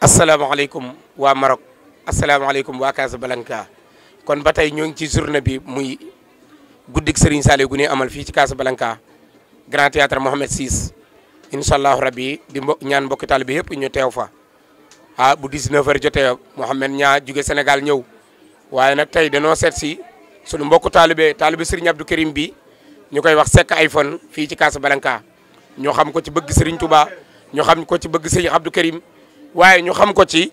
asalaamaaleykum waa Maroc asalaamaaleykum waa Casablanca kon ba tey ñu ngi ci journée bi muy guddik Serigne Saliou gu ñuy amal fii ci Casablanca Grand Théâtre Mohamed VI incha allahu rabbi di mbo ñaan mbokk taalibe bi yëpp ñu teew fa a ah, bu 19h jotee Mohamed ñaa jóge Sénégal ñëw waaye na tey danoo seet si sunu mbokku taalibe taalibe Serigne Abdou Karim bi ñu koy wax Seck iPhone fii ci Casablanca ñoo xam ko ci bëgg Serigne Touba ñoo xam ko ci bëgg Serigne Abdou Karim waaye ñu xam ko ci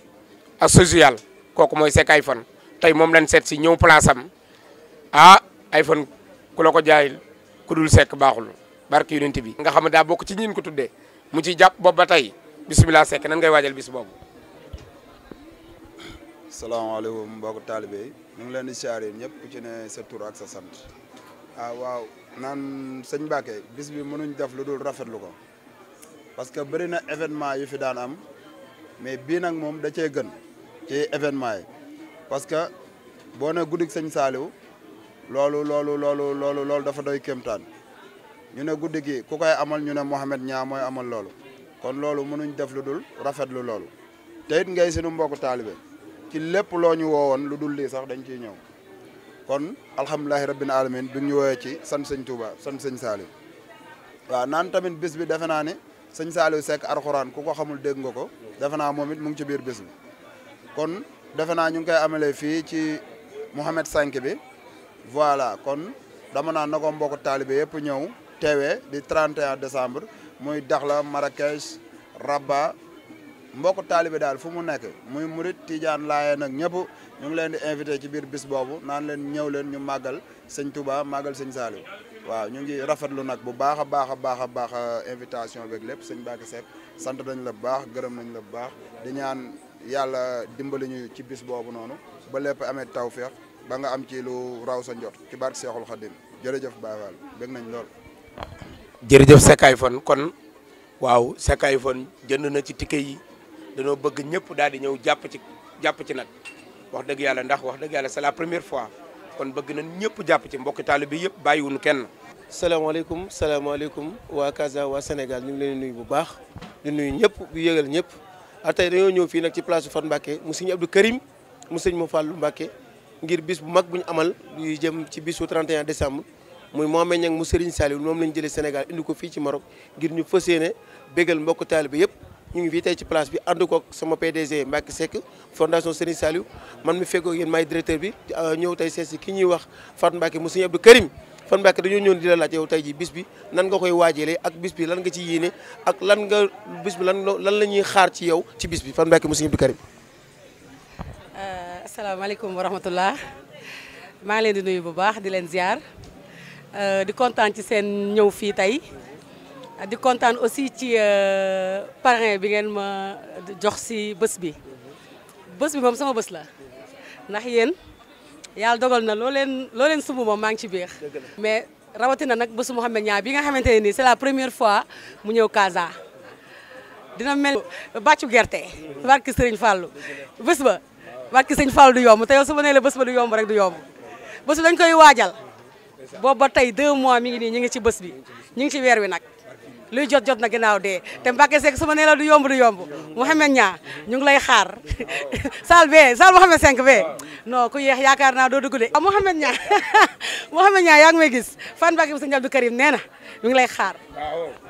ak social kooku mooy Seck iPhone tey moom lañ seet si ñëw place am ah iPhone ku la ko jaayil ku dul Seck baaxul barke yonent bi. nga xam ne daa bokk ci ñin ko tuddee mu ci jàpp bopp ba tey bisimilah Seck nan ngay waajal bis boobu. salaamaaleykum mbokk taalibe yi ñu ngi leen di siyaare ñëpp ku ci ne sa tur ak sa sant ah waaw naan sëñ baake bis bi mënuñ def lu dul rafetlu ko parce que bëri na événement yu fi daan am mais bii nag moom da cee gën ci événement yi parce que boo ne guddik sëñ Saaliw loolu loolu loolu loolu loolu dafa doy kéemtaan ñu ne guddi gi ku koy amal ñu ne Mouhamed Niang mooy amal loolu kon loolu mënuñ def lu dul rafetlu loolu te it ngay sunu mbokku taalibe ci lépp loo ñu woowoon lu dul lii sax dañ ciy ñëw kon alhamdulilahi rabbil alamin bi ñu woowee ci sant sëñ Touba sant sëñ Saaliw waaw naan tamit bis defe naa ne sëñ Saliou Seck arxuraan ku ko xamul dégg nga ko defe naa moom it mu ngi ci biir bis bi kon defe naa ñu ngi koy amalee fii ci Mohamed Sank bi voilà kon dama naan na ko mbokk taalibe yëpp ñëw teewe di 31 décembre muy Dakhla Marrakech rabba mbokk taalibe daal fu mu nekk muy murit Tidiane Laayeen nag ñëpp ñu ngi leen di invité ci biir bis boobu naan leen ñëw leen ñu màggal sëñ Touba màggal sëñ Saliou waaw ñu ngi rafetlu nag bu baax a baax a baax a euh, invitation beeg lépp sëñ Mbacké Seck sant dañ la bu baax gërëm nañ la bu baax di ñaan yàlla dimbali ñu ci bis boobu noonu ba lépp amee tawféex ba nga am ci lu raw sa njot ci barke Seexul Xadim jërëjëf Baay Faal bëgg nañ lool. jërëjëf Seck iPhone kon waaw Seck iPhone jënd na ci ticket yi dañoo bëgg ñëpp daal di ñëw jàpp ci jàpp ci nag wax dëgg yàlla ndax wax dëgg yàlla c'est la première fois. kon bëgg nañ ñëpp jàpp ci mbokki taalibe yëpp bàyyiwuñu kenn. salaamaaleykum salaamaaleykum waa Casa waa Sénégal ñu ngi leen nuyu bu baax di nuyu ñëpp di yëgal ñëpp ak ah, tey dañoo ñëw fii nag ci place Fat Mbacké mu sëñ Abdou Karim mu sëñ Mo Fallou Mbacké ngir bis bu mag bu ñu amal yu jëm ci bisu 31 décembre muy Mohamed Niang mu Serigne Saliou moom lañ jëlee Sénégal indi ko fii ci Maroc ngir ñu fas yéene bégal mbokk taalibe yëpp. ñu ngi fii tey ci place bi ànd koog sama PDG Mbacke Seck fondation Serigne Saliou man mi fekkoo yéen maay directeur bi euh, ñëw tey seet si ki ñuy wax Fatou Mbacke mu Serigne Abdou Karim Fatou Mbacke dañoo ñëw di la laaj yow tey ji bis bi nan nga koy waajalee ak bis bi lan nga ci yéene ak lan nga bis bi lan lan la ñuy xaar ci yow ci bis bi Fatou Mbacke mu Serigne Abdou Karim. Euh, asalaamaaleykum wa rahmatullah maa ngi leen di nuyu bu baax di leen ziar euh, di kontaan ci seen ñëw fii tey. di kontaan aussi ci euh, parrain bi ngeen ma jox si bés bi bés bi moom sama bés la ndax yéen yàlla dogal na loo leen loo leen sumb moom maa ngi ci biir mais rawatina nag bésu Mouhamed Niang bi nga xamante ne nii c'est la première fois mu ñëw Casa dina mel bàccu gerte barki Sëriñ Fallou bés ba barki Sëriñ Fallou du yomb te su ma nee la bés ba du yomb rek du yomb bés bi dañ koy waajal boobu ba tey deux mois mi ngi nii ñu ngi ci bés bi ñu ngi ci weer wi nag luy jot jot na ginnaaw dee te Mbacke Seck su ma nee la du yomb du yomb Mouhamed Niang ñu ngi lay xaar salle bee salle Mouhamed 5 bee no ku yeex yaakaar naa doo dugg de ah Mouhamed Niang Mouhamed Niang yaa ngi may gis fan Mbacke bi sëñ Abdou Karim nee na ñu ngi lay xaar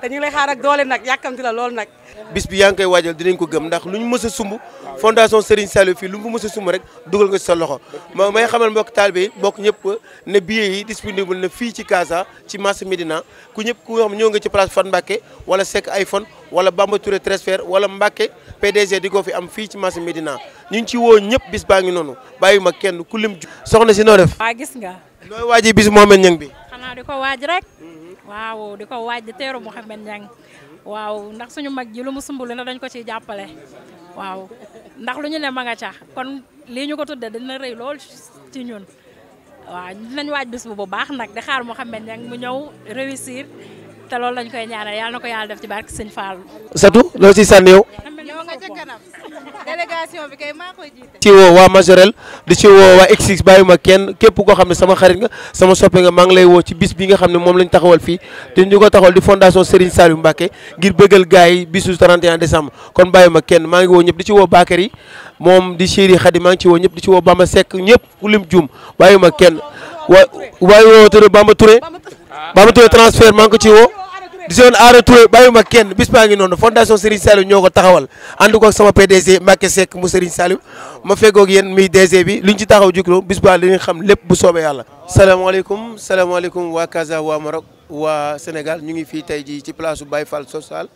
te ñu lay xaar ak doole nag yàkkamti la lool nag bis bi yaa ngi koy waajal dinañ ko gëm ndax lu ñu mës sumb fondation Serigne Saliou fii lu mu mës a sumb rek dugal nga ci sa loxo moo may xamal mbokk taalibe yi mbokk ñëpp ne billets yi fii ci Casa ci marché Médina ku ñëpp Mbacke wala Seck iPhone wala Bamba Touré transfert wala Mbacke PDG di ko fi am fii ci marché Médina ñu ngi ci woo ñëpp bis baa ngi noonu bàyyi ma kenn ku lim. soxna si noo def. waa gis nga. nooy waajee bis Mouhamed Niang bi. xanaa di ko waaj rek. waaw di ko waaj di teeru Mouhamed Niang waaw ndax suñu mag ji lu mu sumbul na dañ ko ciy jàppale waaw ndax lu ñu ne ma nga ca kon lii ñu ko tudde dina rëy lool ci ñun waaw dinañ waaj bis bu bu baax nag di xaar Mouhamed te loolu lañ ko yàlla def ci barke sëñ Fallou. Satou loo ciy sànni ci woo waa Majorel di ci woo waa Exix bàyyuma kenn képp koo xam ne sama xarit nga sama soppe nga maa ngi lay woo ci bis bi nga xam ne moom lañ taxawal fii te ñu ko taxawal di fondation Serigne Saliou Mbacké ngir bëggal gars yi bisu 31 décembre kon bàyyuma kenn maa ngi woo ñëpp di ci woo Bakary moom di Chéri Khady maa ngi ci woo ñëpp di ci woo Bamba Seck ñëpp ku lim juum bàyyuma kenn wa waaye woo Bamba Touré Bamba Touré transfert maa ngi ko di zone Aara Touré bàyyiwuma kenn bis baa ngi noonu fondation Serigne Saliou ñoo ko taxawal ànd ak sama PDG Mbacke Seck mu Serigne Saliou ma feggoog yéen muy DG bi luñ ci taxaw juklo bis baa li nga xam lépp bu soobee yàlla. salaamaaleykum salaamaaleykum waa Casa waa Maroc waa Sénégal ñu ngi fii tey jii ci place bay Baye Fall social.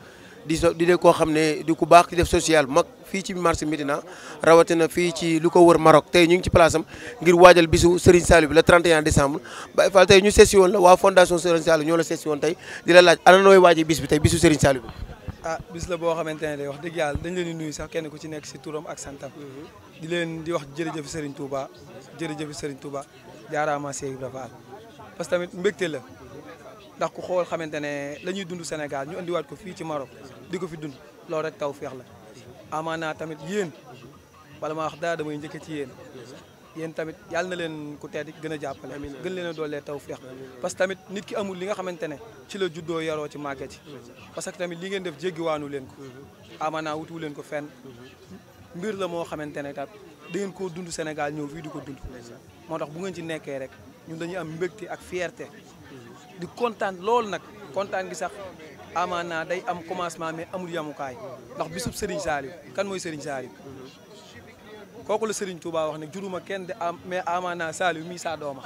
di so di dee koo xam ne di ku baax di def social mag fii ci marché Médina rawatina fii ci lu ko wër Maroc tey ñu ngi ci place am ngir bisu Serigne Saliou bi le 31 décembre Baye Fall ñu seesi woon la waa fondation Serigne Saliou ñoo la seesi woon tey di la laaj ana nooy waajee bis bi tey bisu Serigne Saliou bi ah bis la boo xamante ne day wax dëgg yàlla dañu leen di nuyu sax kenn ko ci nekk si turam ak santa mhm. di leen di wax jërëjëf Serigne Touba jërëjëf Serigne Touba jaaraama Seydou Ibra Fall parce que tamit mbégte la ndax ku xool xamante ne la ñuy dund Sénégal ñu andiwaat ko fii ci Maroc di ko fi dund lool rek taw feex la amaanaa tamit yéen bala maa wax dara damay njëkk ci yéen yéen tamit yàlla na leen ku tedd gën a jàppale gën leen a doolee taw feex parce que tamit nit ki amul li nga xamante ne ci la juddoo yaroo ci màgge ci parce que tamit li ngeen def jéggiwaanu leen ko amaanaa wutuwu leen ko fen mbir la moo xamante ne tat da ngeen koo dund senegal ñëw fii di ko dund moo tax bu ngeen ci nekkee rek ñun dañu am mbégte ak fierté di kontaan loolu nag kontaan gi sax naa day am commencement mais amul yamukaay ndax bisub Serigne Saliou kan mooy Serigne Saliou kooku la Serigne Touba wax ne juruma kenn de am mais amaana Saliou mii saa dooma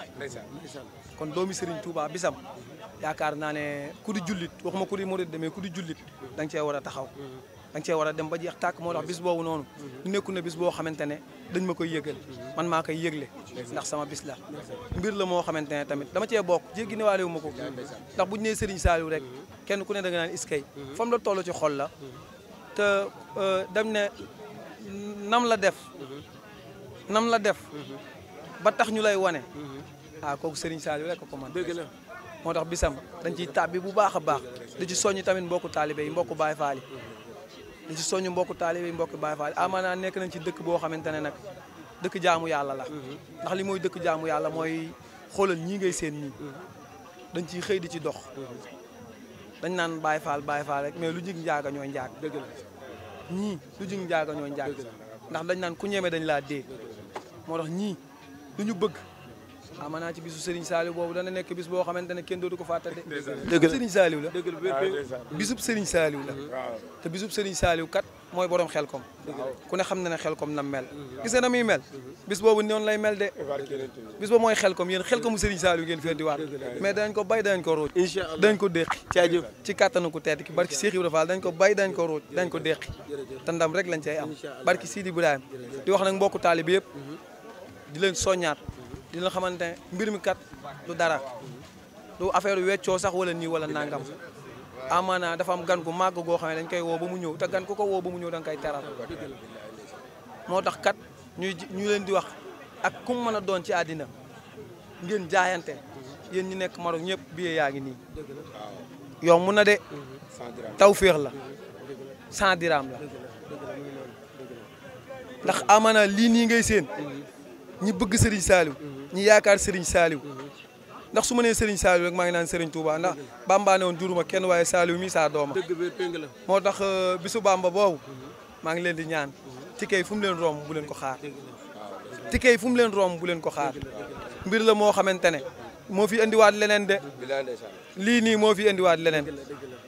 kon doomi sëriñ Touba bisam yaakaar naa ne ku di jullit waxuma ku di murit demee ku di jullit da cee war a taxaw da nga cee war a dem ba jeex tàkk moo lax bis boobu noonu ñu nekku ne bis boo xamante ne dañ ma koy yëgal man maa koy yëgle ndax sama bis la la moo xamante ne tamit dama cee bokk jéggi ne waale wu ma ko ndax buñu nee Serigne Saliou rek kenn ku ne da nga naan iskay mhm. fam la toll ci xol la mhm. te euh, dem ne nam la def mhm. nam la def ba tax ñu lay wane ah kooku Serigne Saliou rek ko commande dëgg la moo tax bisam dañ ciy tàbbi bu baax a baax di ci soññ tamit mbokku taalibe mbokku Baye Fall di ci soññ mbokku taalibe yi mbokku Baye Fall yi amaanaa nekk nañ ci dëkk boo xamante ne nag dëkk jaamu yàlla la ndax li mooy dëkk jaamu yàlla mooy xoolal ñii ngay seen ñii dañ ciy xëy di ci dox dañ naan Baye faal Baye faal rek mais lu jig njaaga ñooy njaag dëgg la ñii lu jig njaaga ñooy njaag ndax dañ naan ku ñeme dañ laa dee moo tax ñii lu ñu bëgg ah, naa ci bisu Serigne Saliou boobu dana nekk bis boo xamante ne kenn dootu ko fàtte de. dëgg la Serigne Saliou la. dëgg la bisub Serigne Saliou la. te bisub Serigne Saliou kat mooy borom xel kom ku ne xam na ne xel kom nam mel mhm. gis nga na muy mel mhm. bis boobu noonu lay mel de bis boobu mooy xel kom yéen xel komu Serigne Saliou ngeen feen di waat mais dañ ko bay dañ ko ruuj dañ ko déqi caaju ci kàttanu ku tedd ki barki Cheikh Ibra ko bay dañ ko ruuj dañ ko déqi te ndam rek lañ cay am barki Sidi Ibrahima di wax nag mbokku taali bi yëpp mhm. di leen soññaat di xamante ne mbir mi kat du dara du affaire weccoo sax wala nii wala nangam amaana dafa am gan gu màgg goo xam ne dañ koy woo ba mu ñëw te gan ku ko woo ba mu ñëw da nga moo tax kat ñuy ñu leen di wax ak ku mu mën a doon ci àddina ngeen jaayante yéen ñi nekk Maroc ñëpp bi yaa ngi nii yomb na de taw féex la cent dirham ndax amaana lii nii ngay seen ñi bëgg Serigne Saliou ñi yaakaar Serigne saaliw ndax su ma nee Serigne Saliou rek maa ngi naan Serigne Touba ndax Bamba ne woon juruma kenn waaye Saliou mi saa dooma moo tax euh, bisu Bamba boobu maa ngi leen di ñaan tike yi fu mu leen romb bu leen ko xaar tike yi fu mu leen romb bu leen ko xaar mbir la moo xamante ne moo fi indiwaat leneen de lii nii moo fi indiwaat leneen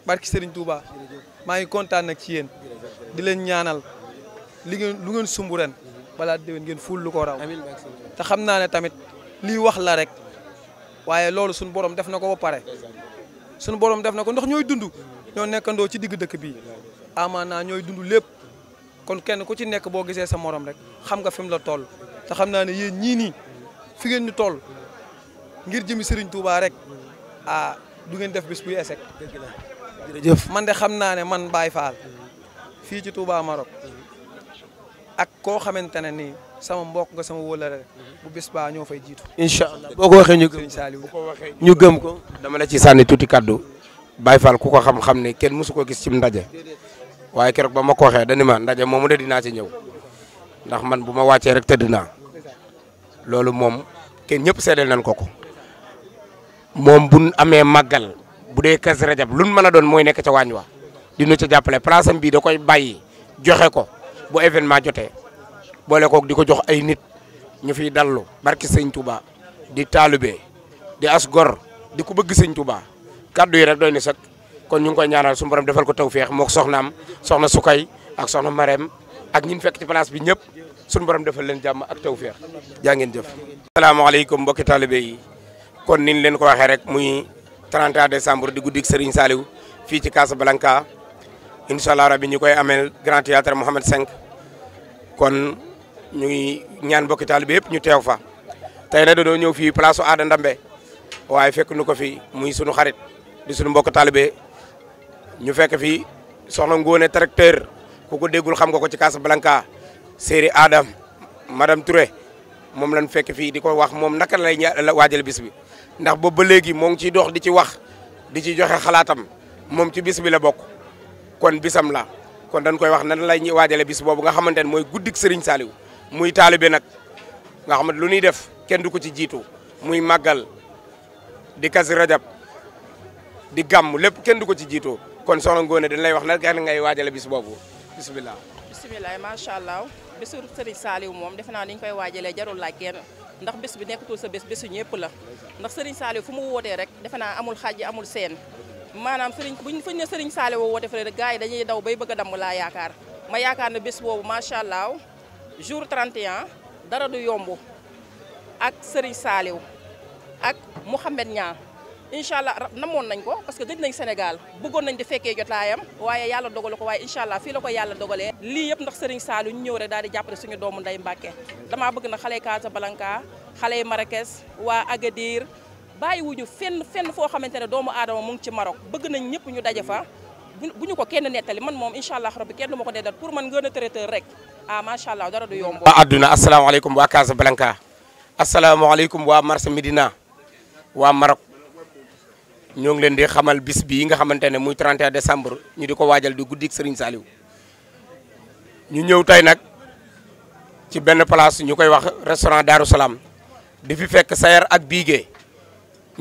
barki Serigne Touba maa ngi kontaan nag ci yéen di leen ñaanal li ngeen lu ngeen sumb ren balaa déwén ngeen ful lu ko te xam naa ne tamit lii wax la rek waaye loolu suñu borom def na ko ba pare suñu borom def na ko ndax ñooy dund ñoo nekkandoo ci digg dëkk bi naa ñooy dund lépp kon kenn ku ci nekk boo gisee sa moroom rek xam nga fi mu la toll te xam naa ne yéen ñii nii fi ngeen ñu toll ngir jëmi siriñ Touba rek ah du ngeen def bis buy échec man de xam naa ne man Baye Fall fii ci Touba Maroc ak koo xamante ne nii sama mbokk nga sama wóolare bu bés baa ñoo fay jiitu. incha allah boo ko waxee ñu gëm ko ñu gëm ko. dama la ci sànni tuuti kaddu Baye Fall ku ko xam-xam ne kenn mësu ko gis ci ndaje waaye keroog ba ma ko waxee dani ma ndaje moomu de dinaa ci ñëw ndax man bu ma wàccee rek tëdd naa loolu moom kenn ñëpp seedeel nan ko ko moom bu amee màggal bu dee kas rajab luñ mën a doon mooy nekk ca waañ wa dinu ci jàppale place am bii da koy bàyyi joxe ko bu événement jotee. boole kook di ko jox ay nit ñu fiy dallu barki sëñ Touba di taalibe di as gor di ku bëgg sëñ Touba kaddu yi rek doy na sax kon ñu ngi koy ñaanal suñu borom defal ko feex mook soxnaam soxna Sukay ak soxna Marème ak ñi fekk ci place bi ñëpp suñu borom defal leen jàmm ak tew feex ngeen jëf. asalaamaaleykum mbokki taalibe yi kon niñ leen ko waxee rek muy 31 décembre di guddik Serigne Saliou fii ci Casablanca incha allah rabi ñu koy ameel Grand Théâtre Mohamed 5 kon. ñu ngi ñaan mbokki taalibe yëpp ñu teew fa tey nag dañoo ñëw fii place su Ada waaye fekk nu ko fi muy sunu xarit di sunu mbokk taalibe ñu fekk fii soxna ngoone tracteur ku ko déggul xam nga ko ci Casablanca séeri Adam madame Touré moom lañ fekk fii di ko wax moom naka lay waajale bis bi ndax boobu ba léegi moo ngi ciy dox di ci wax di ci joxe xalaatam moom ci bis bi la bokk kon bisam la kon dañ koy wax nan lay ñuy waajale bis boobu nga xamante ne mooy guddik Serigne Saliou muy taalibe nag nga lu nuy def kenn du ko ci jiito muy màggal di kasi rajab di gàmm lépp kenn du ko ci jiitu kon soxna Ngoné dañ lay wax nag kan ngay waajale bis boobu bisimilah. bisimilah macha allah bisu Serigne Saliou moom defe naa ni ñu koy waajalee jarul laaj kenn ndax bis bi nekkatul sa bis bisu ñëpp la ndax Serigne Saliou fu mu wootee rek defe naa amul xàjji amul seen maanaam Serigne buñ fañ ne Serigne Saliou woo woote fële rek gars yi dañuy daw bay bëgg a yaakaar ma yaakaar ne bis boobu macha allah. jour 31 dara du yomb ak Serigne Saliou ak Mouhamed Niang incha allah namoon nañ ko parce que gëj nañ Sénégal bëggoon nañ di fekkee jotaayam waaye yàlla dogalu ko waaye incha allah fii la ko yàlla dogalee. lii yëpp ndax Serigne Saliou ñu ñëw rek daal di jàppale suñu doomu nday Mbàkke damaa bëgg na xale Casablanca xale yi Marrakech waa Agadir bàyyiwuñu fenn fenn foo xamante ne doomu aadama mu ngi ci Maroc bëgg nañ ñëpp ñu daje fa. bu ñu ko kenn nettali man moom incha allah rabbi kenn du ko neddal pour man ngeen traiteur rek ah macha allah dara du yomb. waa adduna asalaamaaleykum waa Casablanca asalaamaaleykum waa marché Médina waa Maroc ñoo ngi leen di xamal bis bii nga xamante ne muy 31 décembre ñu di ko waajal di guddik Serigne Saliou ñu ñëw tey nag ci benn place ñu koy wax restaurant Darou Salaam di fi fekk Sayer ak Bigué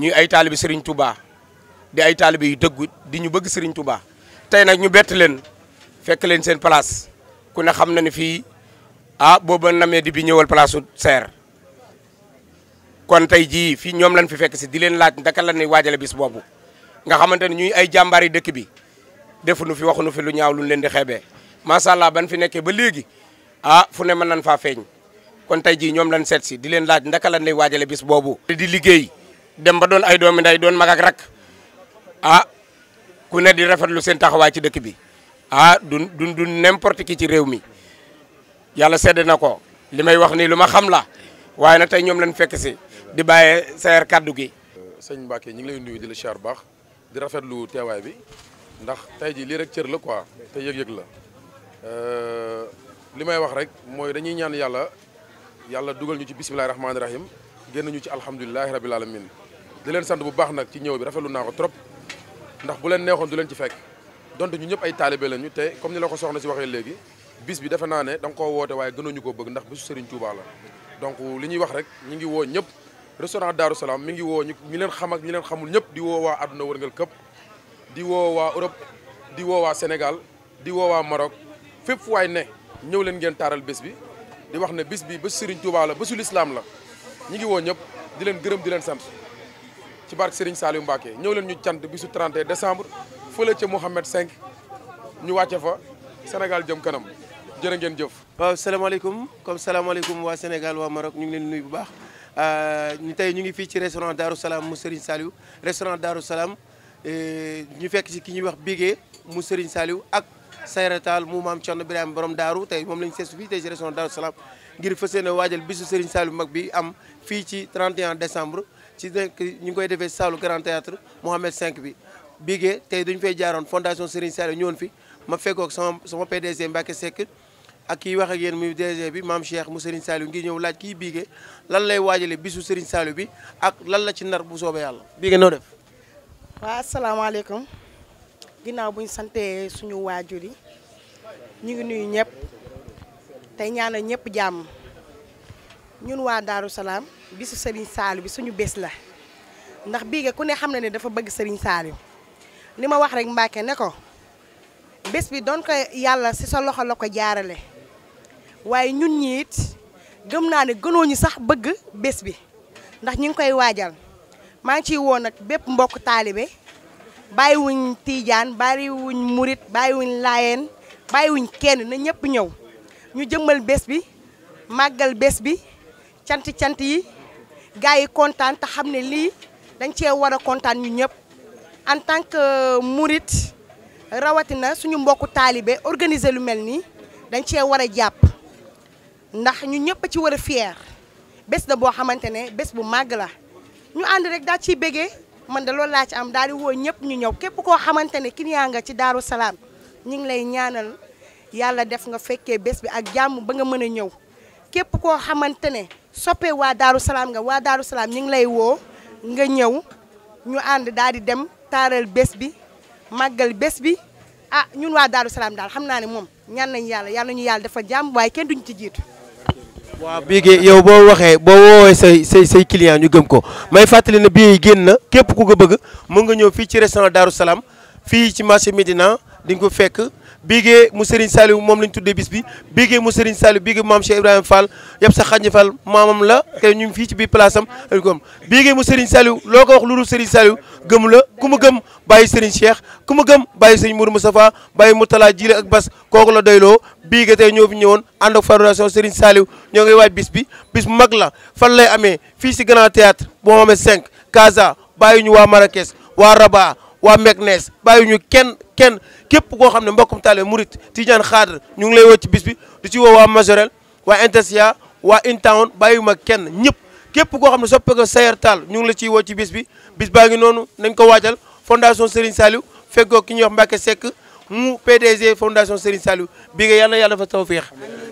ñuy ay taalibi sëriñ Touba di ay taalibi yu dëggu di ñu bëgg Serigne Touba. tey nag ñu bett leen fekk leen seen place ku ne xam na ne fii ah booba namee di bi ñëwal place su seer kon tey jii fii ñoom lañ fi fekk si di leen laaj ndaka la ñuy waajale bis boobu nga xamante ne ñuy ay jàmbaar dëkk bi defuñu fi waxuñu fi lu ñaaw luñ leen di xeebee macha allah ban fi nekkee ba léegi ah fu ne mën nañ faa feeñ kon tey jii ñoom lañ seet si di leen laaj ndaka lañ lay waajale bis boobu. di liggéey dem ba doon ay doom nday doon mag ak rak ah, ku ne di rafetlu seen taxawaay ci dëkk bi ah du du du n'importe qui ci réew mi yàlla sedd na ko li may wax nii lu ma xam la waaye nag tey ñoom lañ fekk si di bàyyee seer kàddu gi. sëñ Mbacke ñu ngi lay nuyu di la siyaar baax di rafetlu teewaay bi ndax tey jii lii rek cër la quoi te yëg-yëg la li may wax rek mooy dañuy ñaan yàlla yàlla dugal ñu ci bisimilah rahmaani rahim génn ñu ci alhamdulilah rabil alamin di leen sant bu baax nag ci ñëw bi rafetlu naa ko trop. ndax bu leen neexoon du leen ci fekk dont ñu ñëpp ay taalibe lañu te comme ni la ko soxna si waxee léegi bis bi defe naa ne da nga koo woote waaye gënuñu ko bëgg ndax bisu Serigne Touba la donc li ñuy wax rek ñu ngi woo ñëpp restaurant Darou Salaam mi ngi woo ñu ñi leen xam ak ñi leen xamul ñëpp di woo waa àdduna wërngal këpp di woo waa Europe di woo waa di woo waa Maroc waay ne ñëw leen ngeen taaral bés bi di wax ne bés bi bésu Serigne Touba la bésu lislaam la ñu ngi woo ñëpp di leen gërëm di leen sant ci barke Serigne Saliou Mbacké ñow leen ñu cant bisu 31 décembre fële ca Mohamed 5 ñu wàcce fa Sénégal jëm kanam jërë ngeen jëf. waaw salaamaaleykum comme salaamaaleykum waa Sénégal waa Maroc ñu ngi leen nuyu bu baax euh, ñu tey ñu ngi fii ci restaurant Darou salaam mu Serigne Saliou restaurant Darou Salam euh, ñu fekk ci ki ñuy wax Bigué mu Serigne saaliw ak. Sayra Tall mu maam Thierno Birame borom daaru tey moom lañu seesu fii tey ci région Darou Salam ngir fas yéene waajal bisu Serigne Saliou mag bi am fii ci 31 décembre ci denk ñu ngi koy defee saalu grand théâtre Mohamed 5 bi bigee tey dañu fay jaaroon fondation Serigne Saliou ñëwoon fi ma fekkoog sama sama PDG Mbacke Seck ak kii wax gen yéen muy bi maam Cheikh mu Serigne Saliou ngi ñëw laaj kii bigee lan lay waajalee bisu Serigne Saliou bi ak lan la ci nar bu soobee yàlla bigee noo def waaw asalaamaaleykum ginnaaw buñ santee suñu waajur yi ñu ngi nuyu ñëpp tey ñaanal ñëpp jàmm ñun waa Daaru Salaam bisu Serigne Saliou bi suñu bés la ndax biige ku ne xam na ne dafa bëgg Serigne Saliou li ma wax rek Mbacke ne ko bés bi doon ko yàlla ci sa loxo la ko jaarale waaye ñun ñi gëm naa ne gënoo ñu sax bëgg bés bi ndax ñu ngi koy waajal maa ngi ciy woo nag bépp mbokk taalibe bàyyiwuñ tiijaan bàyyiwuñ murit bàyyiwuñ laayeen bàyyiwuñ kenn na ñëpp ñëw ñu jëmmal bés bi màggal bés bi cant-cant yi gars yi kontaan te xam ne lii dañ cee war a kontaan ñu ñëpp en tant que murit rawatina suñu mbokku taalibe organiser lu mel nii dañ cee war a jàpp ndax ñu ñëpp ci war a fier bés da boo xamante ne bés bu màgg la ñu ànd rek daal ci bégee man da loolu laa ci am daal di woo ñëpp ñu ñëw képp koo xamante ne client nga ci Daaru Salaam ñu ngi lay ñaanal yàlla def nga fekkee bés bi ak jàmm ba nga mën a ñëw képp koo xamante ne soppee waa Daaru Salaam nga waa Daaru Salaam ñu ngi lay woo nga ñëw ñu ànd daal di dem taaral bés bi màggal bés bi ah ñun waa Daaru Salaam daal xam naa ne moom ñaan nañu yàlla yàlla ñu yàlla dafa jàmm waaye kenn duñu ci jiitu. waaw bii yow boo waxee boo woowee say sa say client ñu gëm ko may fàttali na bi génn na képp ku ko bëgg mën nga ñëw fii ci restaurant Daaru Salaam fii ci marché midina di nga ko fekk bigee mu Serigne Saliou moom lañ tuddee bis bi bigee mu Serigne Saliou bigee mu maam Cheikh Ibrahima Fall yëpp sa xàññi Fall maamam la te ñu ngi fii ci biir place am dañ ko am mu Serigne Saliou loo ko wax lu dul Serigne Saliou gëm la ku mu gëm bàyyi Serigne Cheikh ku mu gëm bàyyi Serigne Mourou Moustapha bàyyi Moutala Jile ak Bas kooku la doyloo bigee tey ñoo fi ñëwoon ànd ak fondation Serigne Saliou ñoo ngi waaj bis bi bis bu mag la fan lay amee fii si Grand Théâtre boo amee 5 Casa bàyyi ñu waa Marrakech waa waa Meknès bàyyi képp koo xam ne mbokkum taalibe murit tijaan xaadar ñu ngi lay woo ci bis bi di ci woo waa Majorel waa Intesia waa kenn ñëpp képp koo xam ne soppe ko Sayer Tall ñu ngi la ciy woo ci bis bi bis baa ngi noonu nañ ko waajal fondation Serigne Saliou feggoo ki ñuy wax Mbacke Seck mu PDG fondation Serigne Saliou bii nga yàlla na yàlla dafa tawfeex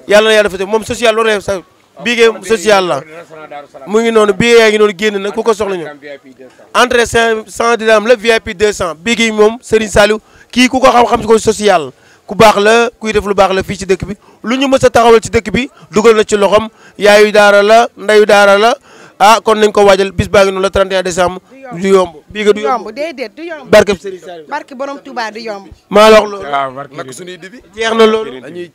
yàlla na yàlla dafa moom social loolu la sa bii nga social la mu ngi noonu bii yaa ngi noonu na ku ko soxla ñu entrée 100 dirham la VIP 200 bii gi moom Serigne Saliou kii ku ko xam-xam ko social ku baax la kuy def lu baax la fii ci dëkk bi lu ñu mës a taxawal ci dëkk bi dugal na ci loxom yaayu daara la ndeyu daara la ah kon nañ ko waajal bis baa ngi noonu la 31 décembre. du yomb bii nga du yomb déedéet du yomb. barke Serigne borom Touba du yomb. maa la wax loolu. waaw ah, barke lakk suñuy dibi. jeex na loolu. dañuy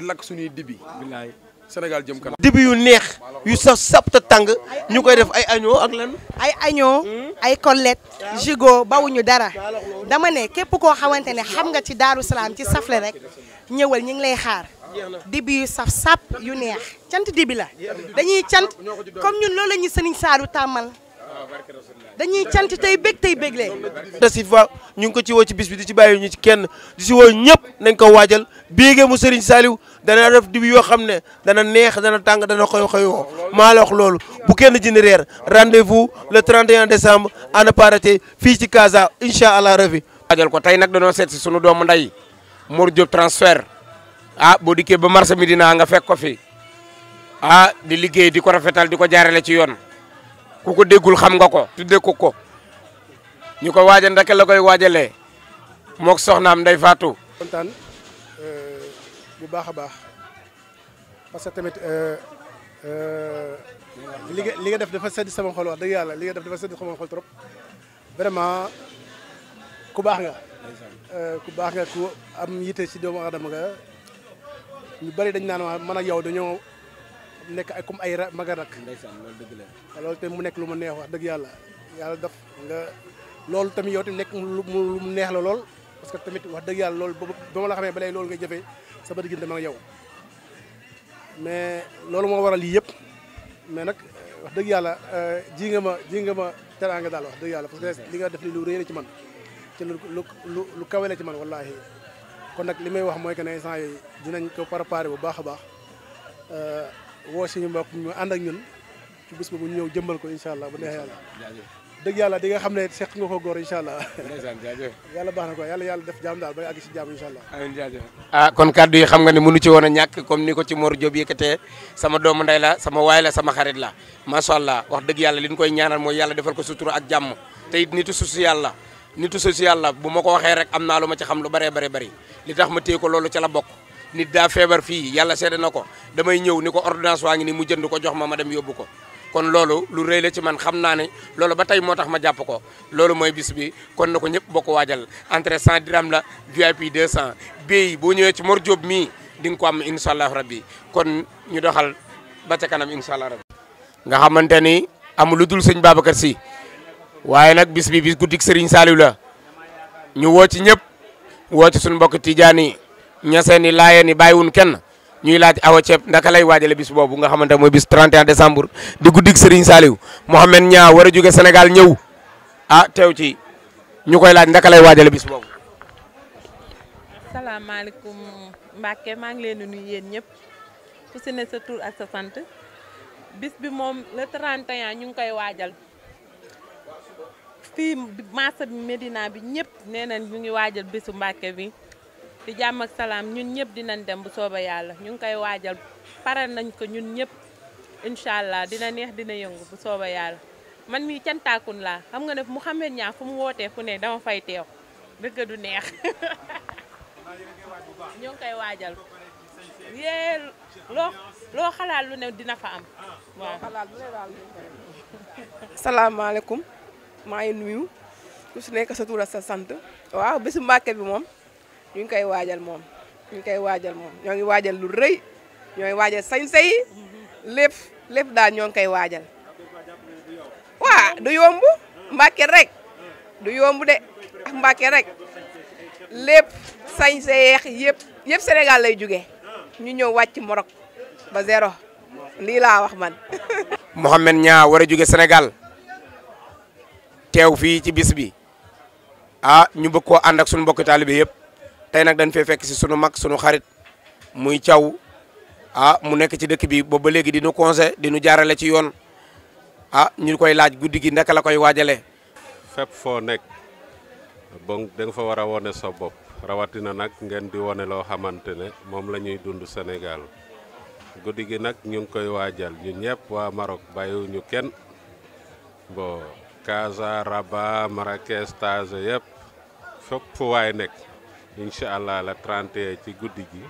lakk suñuy dibi. bilaay. Sénégal jëm kanam. dibi yu neex yu saf sap te tàng ñu koy def ay agneau ak lan. ay agneau ay côtelette gigot bawuñu dara dama ne képp koo xamante ne xam nga ci Daaru Salaam ci safle rek ñëwal ñu ngi lay xaar. dibi yu saf sap yu neex cant dibi la dañuy cant comme ñun loolu la ñuy sëriñ Saalu tàmmal. dañuy cant tey bég tey bégle da si fa ñu ngi ko ci woo ci bis bi di ci bàyyi ñu ci kenn di si woo ñëpp nañ ko waajal biigee mu Serigne Saliou dana def dibi yoo xam ne dana neex dana tàng dana xoy xoy woo maa la wax loolu bu kenn jënd reer rendez-vous le 31 décembre à ne pas rater fii ci Casa incha allah ravi waajal ko tey nag dañoo seet si sunu doomu nday Mor Diop transfert ah boo dikkee ba marché Médina nga fekk ko fi ah di liggéey di ko rafetal di ko jaarale ci yoon ku ko déggul xam nga ko tu ko ko ñu ko waaja ndaka la koy waajalee mook soxnaam nday faatu kontaan euh, bu baax a baax parce que tamit euh, euh, li nga li nga def dafa sedd sama xol wax dëgg yàlla li def dafa sedd sama xol trop vraiment ku baax nga ku baax nga ku am yitte ci doomu aadama nga ñu bari dañ naan wax man a yow dañoo nekk ay comme ay maga rak loolu dëgg la loolu tamit mu nekk lu ma neex wax dëgg yàlla yàlla def loolu tamit yow tamit nekk lu mu neex la lool parce que tamit wax dëgg yàlla lool ba ma la xamee ba léegi loolu ngay jëfee sama diggante ma ak yow mais loolu moo waral yii yëpp mais nag wax dëgg yàlla euh, ji nga ma jii nga ma teraanga daal wax dëgg yàlla parce que li nga def ni lu rëy la ci man ci lu lu lu kawe la ci man wallaahi kon nag li may wax mooy que ne instant yooyu dinañ ko préparer bu baax a baax euh, woo ñu mbokk ñu ànd ak ñun ci bés boobu ñu ñëw jëmbal ko incha allah bu neex yàlla dëgg yàlla di nga xam ne seq nga ko góor incha allah yàlla baax na ko yàlla yàlla def jaam daal bay àgg si jaam incha allah ah kon kàddu yi xam nga ne mënu ci woon ñàkk comme ni ko ci Mor Diop yëkkatee sama doomu ndey la sama waay la sama xarit la macha allah wax dëgg yàlla li nu koy ñaanal mooy yàlla defal ko sutura ak jàmm te it nitu social la nitu social la bu ma ko waxee rek am naa lu ma ci xam lu bëree bëri bëri li tax ma téye ko loolu ca la bokk nit daa feebar fii yàlla seede na ko damay ñëw ni ko ordonnance waa ngi ni mu jënd ko jox ma ma dem yóbbu ko kon loolu lu rëy la ci man xam naa ne loolu ba tey moo tax ma jàpp ko loolu mooy bis kon na ko ñëpp bokk waajal entrée 100 dirham la VIP 200 bii boo ñëwee ci Mor Diop mii di nga ko am incha allah rabbi kon ñu doxal ba ca kanam incha allah rabbi nga xamante ni amul lu dul sëñ Babacar Sy waaye nag bis bi bis guddik Serigne Saliou la ñu woo ci ñëpp woo ci suñu mbokk Tidiane yi ñaseen ni laayeen ni bàyyiwun kenn ñuy laaj awa ceeb ndaka lay waajale bis boobu nga xamante mooy bis 31 décembre di guddig Serigne Saliou Mohamed Niang war a jóge Sénégal ñëw a ah, teew ci ñu koy laaj ndaka lay waajale bis boobu salaamaaleykum Mbacke maa ngi leen di nuyu yéen ñëpp ku si ne sa tur ak sa sant bis bi moom le 31 ñu ngi koy waajal fi marché bi Médina bi ñëpp nee nañ ñu ngi waajal bisu Mbacke bi ci jàmm ak salaam ñun ñëpp dinañ dem bu sooba yàlla ñu ngi koy waajal pare nañ ko ñun ñëpp incha allah dina neex dina yëngu bu sooba yàlla man mii cantaakun laa xam nga ne mu xamee Niang fu mu wootee fu ne dama fay teew dëgg du neex ñu ngi koy waajal yée loo xalaat lu ne dina fa am waaw salaamaaleykum maa ngi nuyu su si nekk sa tur sa sant waaw bésu Mbàkke bi moom ñu ngi koy waajal moom ñu ngi koy waajal moom ñoo ngi waajal lu rëy ñoo ngi waajal sañ-sañ yi lépp lépp daal ñoo ngi koy waajal waa du yomb Mbàkke rek du yombu de ak ah, rek lépp sañ-sañ yëpp yëpp Sénégal lay jóge ñu ñëw wàcc morok ba zéro lii laa wax man Mouhamed ñaa war a jóge Sénégal teew fii ci bis bi ah ñu bëgg koo ànd ak suñu mbokki taalibe yëpp tey nag dañ fee fekk si sunu mag sunu xarit muy caw a ah, mu nekk ci dëkk bi ba ba léegi di nu conseil di nu jaarale ci yoon ah ñu koy laaj guddi gi naka la koy waajalee. fépp foo nekk bon da fa war a wone sa bopp rawatina nag ngeen di wone loo xamante ne moom la ñuy dund senegal guddi gi nag ñu ngi koy waajal ñun ñëpp waa Maroc bàyyiwuñu kenn bo Casa Rabat Marrakech Tanger yëpp fépp fu waay nekk. incha allah la 31 ci guddi gi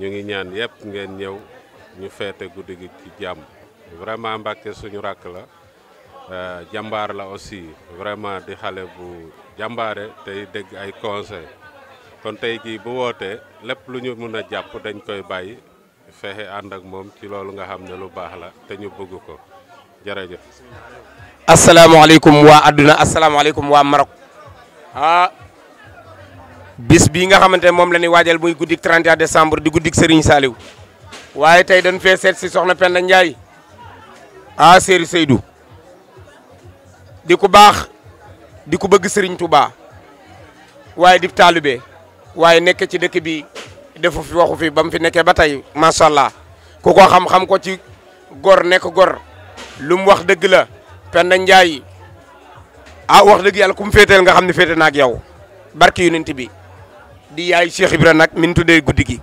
ñu ngi ñaan yëpp ngeen ñëw ñu feete guddi gi ci jàmm vraiment Mbacke suñu ràkk la euh, jàmbaar la aussi vraiment di xale bu jàmbaare tey dégg ay conseil kon tey jii bu wootee lépp lu ñu mën a jàpp dañ koy bàyyi fexe ànd ak moom ci loolu nga xam ne lu baax la te ñu bëgg ko jërëjëf. asalaamaaleykum waa adduna asalaamaaleykum waa Maroc ah, bis bii nga xamante ne moom la ñuy waajal muy guddik 31 décembre di guddik Serigne Saliou waaye tey dañ fee seet si soxna Penda Ndiaye ah Serigne Seydou di ku baax di ku bëgg Serigne Touba waaye di taalube waaye nekk ci dëkk bi defu fi waxu fi ba mu fi nekkee ba tey macha allah ku ko xam-xam ko ci gor nekk gor lu mu wax dëgg la Penda Ndiaye ah wax dëgg yàlla ku mu nga xam ne féete naag ak yow barki yonent bi. di yaay Cheikh Ibra nag min tuddee guddi gi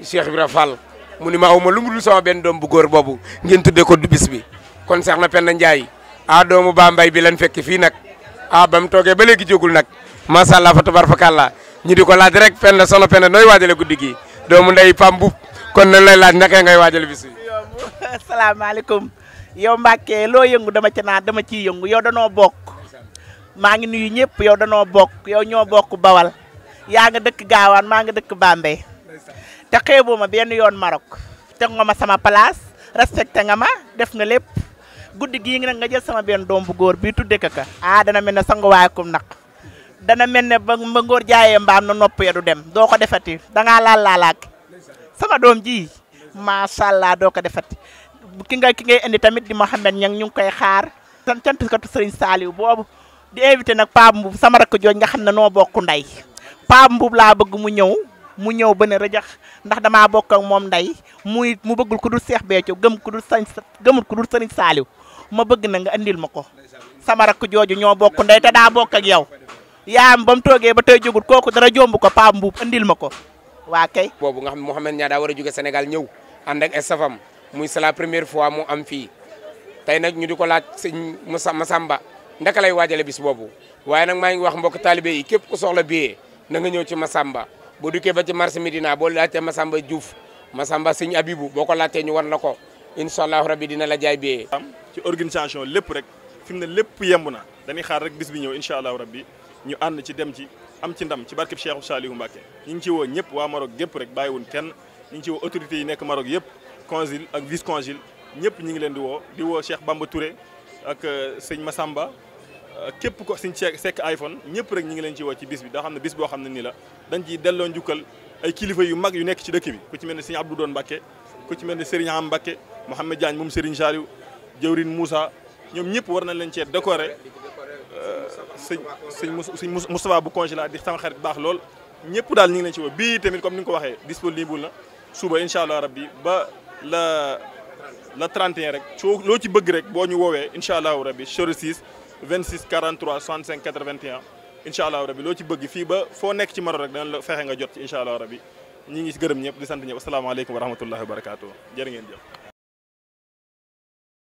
Cheikh Ibra Fall mu ni ma aw ma lu mu dul benn doom bu góor boobu ngeen tuddee ko du bis bi kon Seex na Penda Njaay a doomu Bambey bi lan fekk fii nag a ba toogee ba léegi jógul nag macha allah fa tabar fa kàlla ñu di ko laaj rek Penda soxna Penda nooy waajale guddi gi doomu ndey Pam Buub kon nañ lay laaj naka ngay waajale bis bi. asalaamaaleykum yow Mbacke loo yëngu dama ci naan dama ciy yëngu yow danoo bokk maa ngi nuyu ñëpp yow danoo bokk yow ñoo bokk bawal yaa nga dëkk gaawaan maa nga dëkk Bambey te xeeboo ma benn yoon Maroc teg nga ma sama place respecté nga ma def nga lépp guddi gii nag nga jël sama benn doom bu góor bii tudde ka ah dana mel ne sanguwaay kum naq dana mel ne ba ba ngóor jaayee mbaam na nopp ya dem doo ko defati dangaa laal laalaak sama doom ji macha allah doo ko defati ki nga ki ngay indi tamit di Mouhamed ñang ñu ngi koy xaar sant cant katu Serigne boobu di invité nag Pape Mboup sama rakk jooj nga xam ne noo bokk ndey paa mbuub laa bëgg mu ñëw mu ñëw ba ne rajax ndax damaa bokk ak moom nday muy mu bëggul ku dul Seex Béthio gëm ku dul sañ gëmul ku dul Saaliw ma bëgg na nga andil ma ko sama rakk jooju ñoo bokk nday te daa bokk ak yow yaam ba mu toogee ba tey jógul kooku dara jomb ko paa mbuub andil ma ko waa kay. boobu nga xam ne Mouhamed Niang daa war a jóge senegal ñëw ànd ak estafam muy c'est la première fois mu am fii tey na ñu di ko laaj mu Moussa Massamba ndaka lay waajale bis boobu waaye nag maa ngi wax mbokk taalibe képp ku soxla billet na nga ñëw ci Massamba boo dukkee ba ci marché Médina boo laajtee Massamba Diouf Massamba sëñ Abibu boo ko laajtee ñu wan la ko incha allahu rabi dina la jaay bee. ci organisation lépp rek fi mu ne lépp yemb na dañuy xaar rek bis bi ñëw incha allahu rabi ñu ànd ci dem ci am ci ndam ci barkeb Cheikh Saliou Mbacké ñu ngi ci woo ñëpp waa Maroc gépp rek bàyyiwun kenn ñu ngi ci yi nekk marok yëpp consul ak vice consul ñëpp ñu ngi leen di woo di woo Cheikh Bamba Touré ak euh, sëñ Massamba képp ko suñ ceek sekk iPhone ñëpp rek ñi ngi leen ci woo ci bis bi daa xam ne bis boo xam ne nii la dañ ciy delloo njukkal ay kilifa yu mag yu nekk ci dëkk bi ku ci mel ne sëñ Abdou Doon Mbacké ku ci mel ne Serigne Am Mbacké Mouhamed Diagne moom Serigne Saliou Jëwrin Moussa ñoom ñëpp war nañ leen cee décorer sëñ sëñ mus Moustapha bu congela di sama xarit baax lool ñëpp daal ñi ngi leen ci woo bii tamit comme nu nga ko waxee disponible na suba incha allah rabbi ba la la 31 rek soo loo ci bëgg rek boo ñu woowee incha allahu rabbi choré 26 43 65 81 incha allahu rabi loo ci bëgg fii ba foo nekk ci Maroc rek dana la fexe nga jot ci incha allahu rabi ñi ngi gërëm ñëpp di sant ñëpp asalaamaaleykum wa rahmatullahi wa barakaatu ngeen jëf